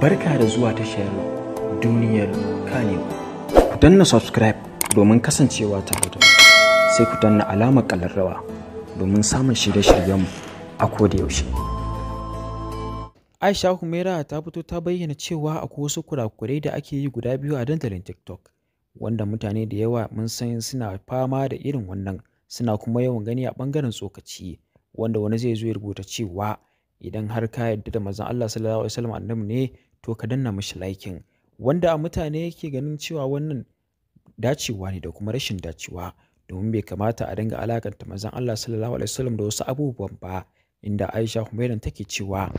barka da zuwa tashar duniyar kanewa ku danna subscribe domin kasancewa ta da sai ku danna alamar kalarrawa domin samun shirye shiryen a yaushe. aisha humaira ta fito ta bayyana cewa akwai wasu kurakurai da ake yi guda biyu a dandalin tiktok wanda mutane da yawa mun san suna fama da irin wannan suna kuma yawan gani a bangaren tsokaci wanda wani zai zo ya rubuta cewa idan har ka yarda da manzon Allah sallallahu alaihi wasallam annabi ne to ka danna mishi laikin wanda a mutane yake ganin cewa wannan dacewa ne da kuma rashin dacewa domin bai kamata a dinga alakanta manzon Allah sallallahu alaihi wasallam da wasu abubuwan ba inda Aisha Humairan take cewa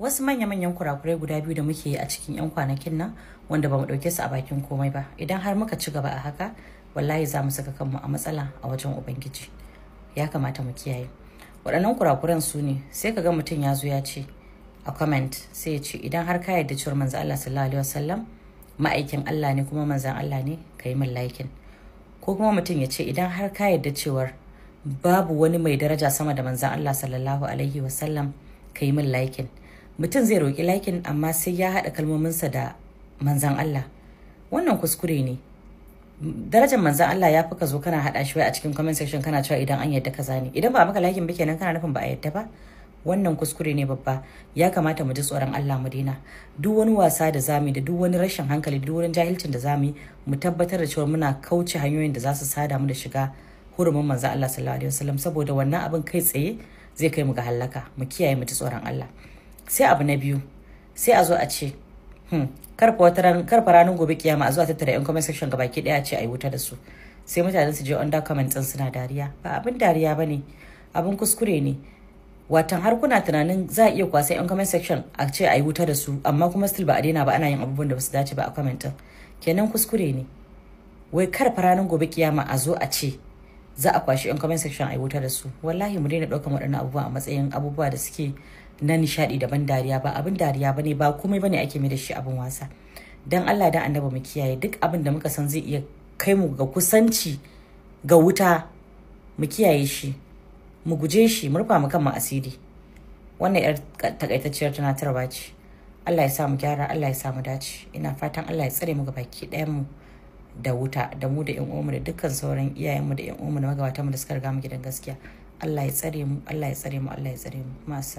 wasu manya-manyan kurakurai guda biyu da muke yi a cikin 'yan kwanakin nan wanda ba mu ɗauke su a bakin komai ba idan har muka ci gaba a haka wallahi za mu saka kanmu a matsala a wajen ubangiji ya kamata mu kiyaye waɗannan kurakuran su ne sai ka ga mutum ya zo ya ce a comment sai ya ce idan har ka yarda cewar manzan Allah sallallahu alaihi wasallam ma'aikin Allah ne kuma manzan Allah ne ka yi min laikin ko kuma mutum ya ce idan har ka yarda cewar babu wani mai daraja sama da manzan Allah sallallahu alaihi wasallam ka yi min laikin mutum zai roki laikin amma sai ya haɗa kalmominsa da manzan Allah wannan kuskure ne darajar manzan Allah ya fi ka zo kana hada shi wai a cikin comment section kana cewa idan an yadda kaza ne idan ba maka lakin ba kenan kana nufin ba a yadda ba wannan kuskure ne babba ya kamata mu ji tsoron Allah mu dina duk wani wasa da zamu da duk wani rashin hankali duk wani jahilcin da zamu mu tabbatar da cewa muna kauce hanyoyin da za su sada mu da shiga hurumin manzan Allah sallallahu alaihi wasallam saboda wannan abin kai tsaye zai kai mu ga halaka mu kiyaye mu ji tsoron Allah sai abu na biyu sai a zo a ce Hmm. karfa ranar gobe kiyama a zuwa tattara yan comment section gabaki daya ce a yi wuta da su sai mutane su je under comment din suna dariya ba abin dariya bane abin kuskure ne watan har kuna tunanin za a iya kwasa yan comment section a ce a yi wuta da su amma kuma still ba a daina ba ana yin abubuwan da ba su dace ba a comment din kenan kuskure ne wai karfa ranar gobe kiyama a zo a ce za a kwashi yan comment section a yi wuta da su wallahi mu daina daukan waɗannan abubuwa a matsayin abubuwa da suke na nishadi daban dariya ba abin dariya ba ne ba komai ne ake mai da shi abin wasa don Allah da annaba mu kiyaye duk abin da muka san zai iya kai mu ga kusanci ga wuta mu kiyaye shi mu guje shi mu rufa mu kan mu asiri wannan yar takaitacciyar tunatarwa ce Allah ya sa gyara Allah ya sa dace ina fatan Allah ya tsare mu ga baki mu da wuta da mu da 'yan uwanmu da dukkan sauran iyayenmu da 'yan uwanmu da magabatanmu da suka riga mu gidan gaskiya Allah ya tsare mu Allah ya tsare mu Allah ya tsare mu